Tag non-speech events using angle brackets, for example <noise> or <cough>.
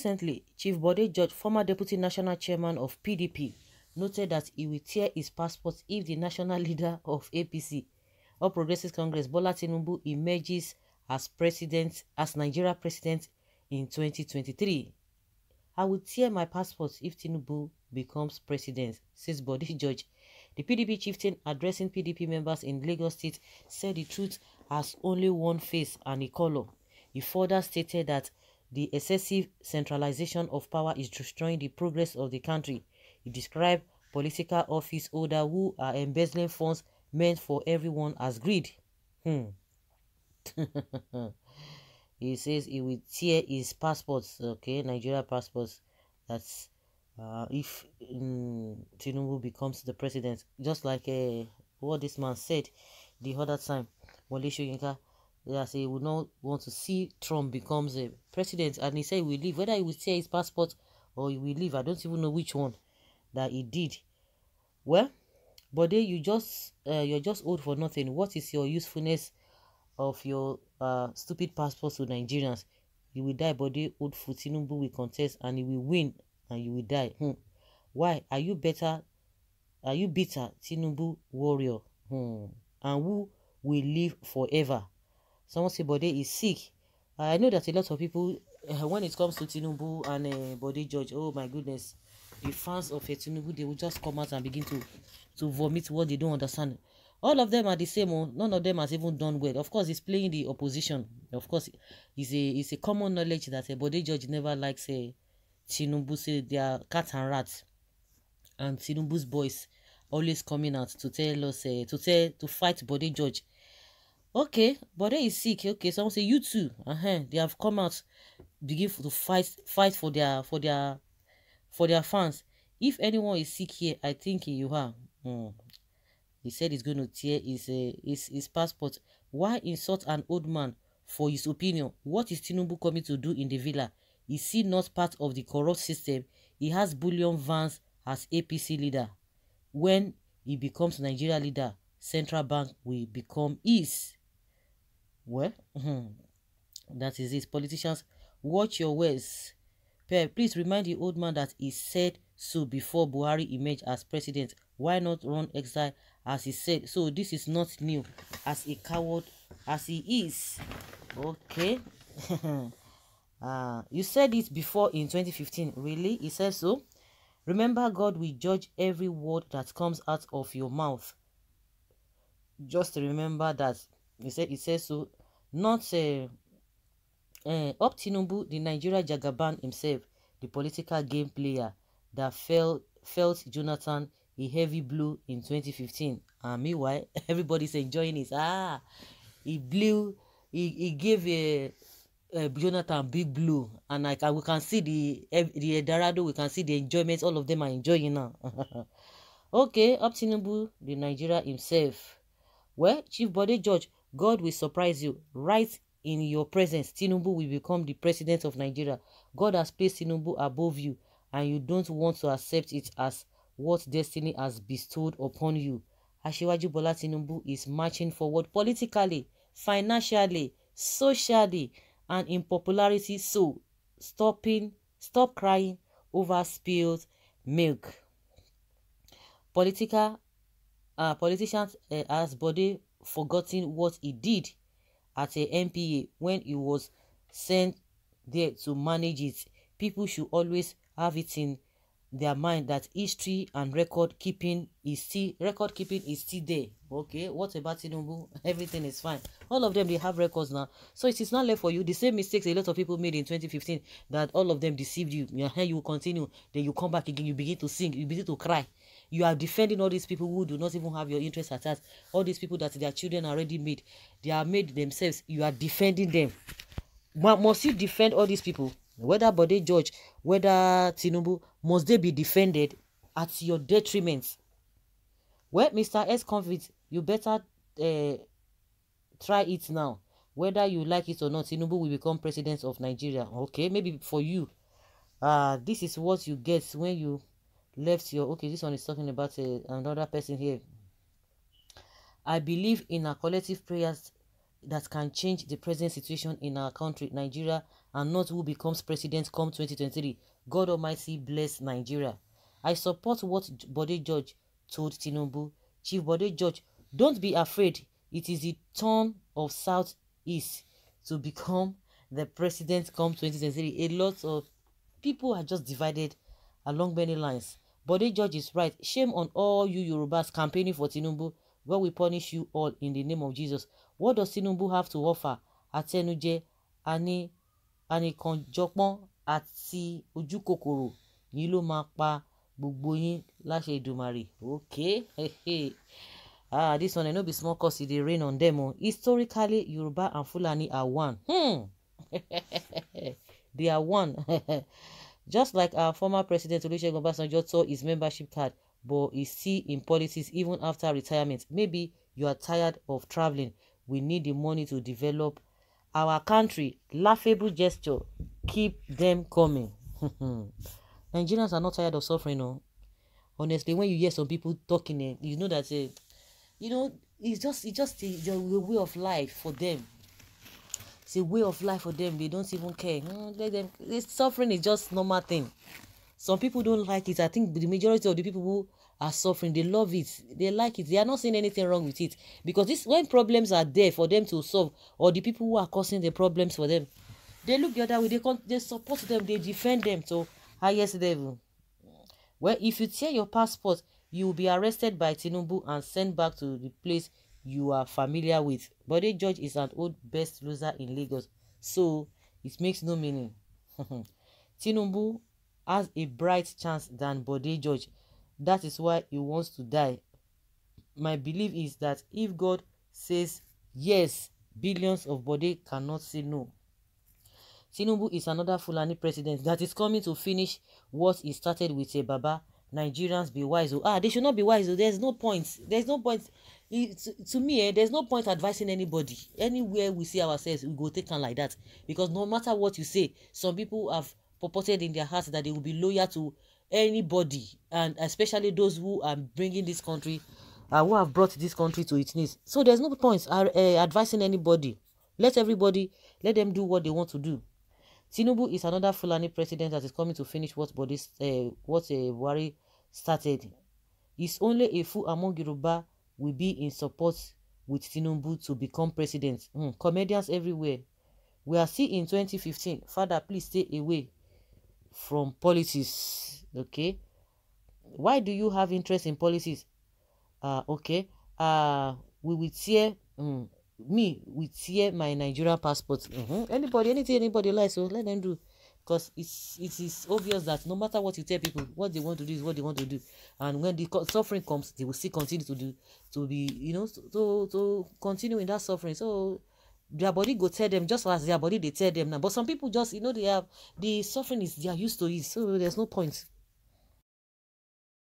Recently, Chief Bode George, former deputy national chairman of PDP, noted that he will tear his passport if the national <laughs> leader of APC, All Progressives Congress Bola Tinubu, emerges as president as Nigeria president in 2023. I will tear my passport if Tinubu becomes president, says Bode <laughs> George. The PDP chieftain addressing PDP members in Lagos State said the truth has only one face and a color. He further stated that the excessive centralization of power is destroying the progress of the country. He described political office holders who are embezzling funds meant for everyone as greed. Hmm. <laughs> he says he will tear his passports, okay, Nigeria passports. That's uh, if um, Tinubu becomes the president, just like uh, what this man said the other time, that say we not want to see Trump becomes a president, and he said he will leave. Whether he will tear his passport or he will leave, I don't even know which one that he did. Well, but then you just uh, you're just old for nothing. What is your usefulness of your uh, stupid passport to Nigerians? You will die, but the old Futinubu will contest and he will win, and you will die. Hmm. Why are you better? Are you bitter, Tinubu warrior? Hmm. And who will live forever? someone say body is sick. I know that a lot of people, uh, when it comes to Tinubu and uh, eh, body judge oh my goodness, the fans of eh, Tinubu, they will just come out and begin to, to vomit what they don't understand. All of them are the same. Oh. None of them has even done well. Of course, he's playing the opposition. Of course, it's a, it's a common knowledge that a body judge never likes a Tinubu, say they are cats and rats. And Tinubu's boys always coming out to tell us, uh, to tell, to fight body judge. okay Bode is sick okay someone say you too uh-huh. they have come out begin to fight fight for their for their for their fans if anyone is sick here i think you are mm. he said he's going to tear his, uh, his his passport why insult an old man for his opinion what is tinubu coming to do in the villa is he not part of the corrupt system he has bullion vans as apc leader when he becomes nigeria leader central bank will become his Well, hmm, that is it. Politicians, watch your words. Please remind the old man that he said so before Buhari emerged as president. Why not run exile as he said? So this is not new as a coward as he is. Okay. uh, <laughs> you said it before in 2015. Really? He said so? Remember, God will judge every word that comes out of your mouth. Just remember that. He said, he says so not uh, uh, up Tinubu, the Nigeria Jagaban himself, the political game player that fell, felt Jonathan a heavy blow in 2015. And meanwhile, <laughs> everybody's enjoying it. Ah, he blew, he, he gave a, eh, a Jonathan big blow. And like we can see the the Dorado, we can see the enjoyment. All of them are enjoying now. <laughs> okay, up Tinubu, the Nigeria himself. Well, Chief Body Judge God will surprise you right in your presence. Tinubu will become the president of Nigeria. God has placed Tinubu above you and you don't want to accept it as what destiny has bestowed upon you. Ashiwaju Bola Tinubu is marching forward politically, financially, socially, and in popularity. So, stopping, stop crying over spilled milk. Political, uh, politicians uh, as body forgotten what he did at a MPA when he was sent there to manage it. People should always have it in their mind that history and record keeping is still record keeping is still there. Okay, what about Tinubu? <laughs> Everything is fine. All of them they have records now, so it is not left for you. The same mistakes a lot of people made in 2015 that all of them deceived you. Your hair you continue, then you come back again, you begin to sing, you begin to cry you are defending all these people who do not even have your interests at heart all these people that their children already made they are made themselves you are defending them must you defend all these people whether Bode, George, whether tinubu must they be defended at your detriment well mr s convict you better uh, try it now whether you like it or not tinubu will become president of nigeria okay maybe for you uh this is what you get when you left your okay this one is talking about a, uh, another person here i believe in our collective prayers that can change the present situation in our country nigeria and not who becomes president come 2023 god almighty bless nigeria i support what body judge told tinubu chief body judge don't be afraid it is the turn of southeast to become the president come 2023 a lot of people are just divided along many lines Bode judge is right. Shame on all you Yorubas campaigning for Tinubu. God we punish you all in the name of Jesus. What does Tinubu have to offer? Àtẹnujẹ, ani, ànìkànjọpọ́n àti ojúkòkòrò yìí ló máa pa gbogbo yín láṣẹ Èdùmàrè. Okay. <laughs> Ah, this one no be small cause e dey rain on them o. Historically, Yoruba and Fulani are one. Hmm. <laughs> They are one. <laughs> Just like our former president Olusegun Obasanjo tore his membership card, but is still in politics even after retirement. Maybe you are tired of traveling. We need the money to develop our country. Laughable gesture. Keep them coming. <laughs> Nigerians are not tired of suffering, no. Oh. Honestly, when you hear some people talking, eh, you know that, uh, you know, it's just, it's just the way of life for them. it's a way of life for them they don't even care mm, let them This suffering is just normal thing some people don't like it i think the majority of the people who are suffering they love it they like it they are not seeing anything wrong with it because this when problems are there for them to solve or the people who are causing the problems for them they look the other way they con- they support them they defend them to highest level well if you tear your passport you will be arrested by tinubu and sent back to the place you are familiar with. Bode George is an old best loser in Lagos, so it makes no meaning. <laughs> Tinubu has a bright chance than Bode George. That is why he wants to die. My belief is that if God says yes, billions of Bode cannot say no. Tinubu is another Fulani president that is coming to finish what he started with a Baba Nigerians be wise. Oh, ah, they should not be wise. Oh, there's no point. There's no point. It, to, to me, eh, there's no point advising anybody. Anywhere we see ourselves, we go taken like that. Because no matter what you say, some people have purported in their hearts that they will be loyal to anybody, and especially those who are bringing this country, uh, who have brought this country to its knees. So there's no point uh, eh, advising anybody. Let everybody, let them do what they want to do. Tinubu is another Fulani president that is coming to finish what body, uh, what uh, started. It's only a fool among Yoruba will be in support with Tinubu to become president. Mm, comedians everywhere. We are still in 2015. Father, please stay away from policies. Okay. Why do you have interest in policies? Uh, ah, okay. Uh, we will tear. Mm, me with tear my Nigerian passport. Mm-hmm. Anybody, anything anybody likes, so let them do. Because it's it is obvious that no matter what you tell people, what they want to do is what they want to do. And when the suffering comes, they will still continue to do to be, you know, to to, to continue in that suffering. So their body go tell them just as their body they tell them now. But some people just, you know, they have the suffering is they are used to it, so there's no point.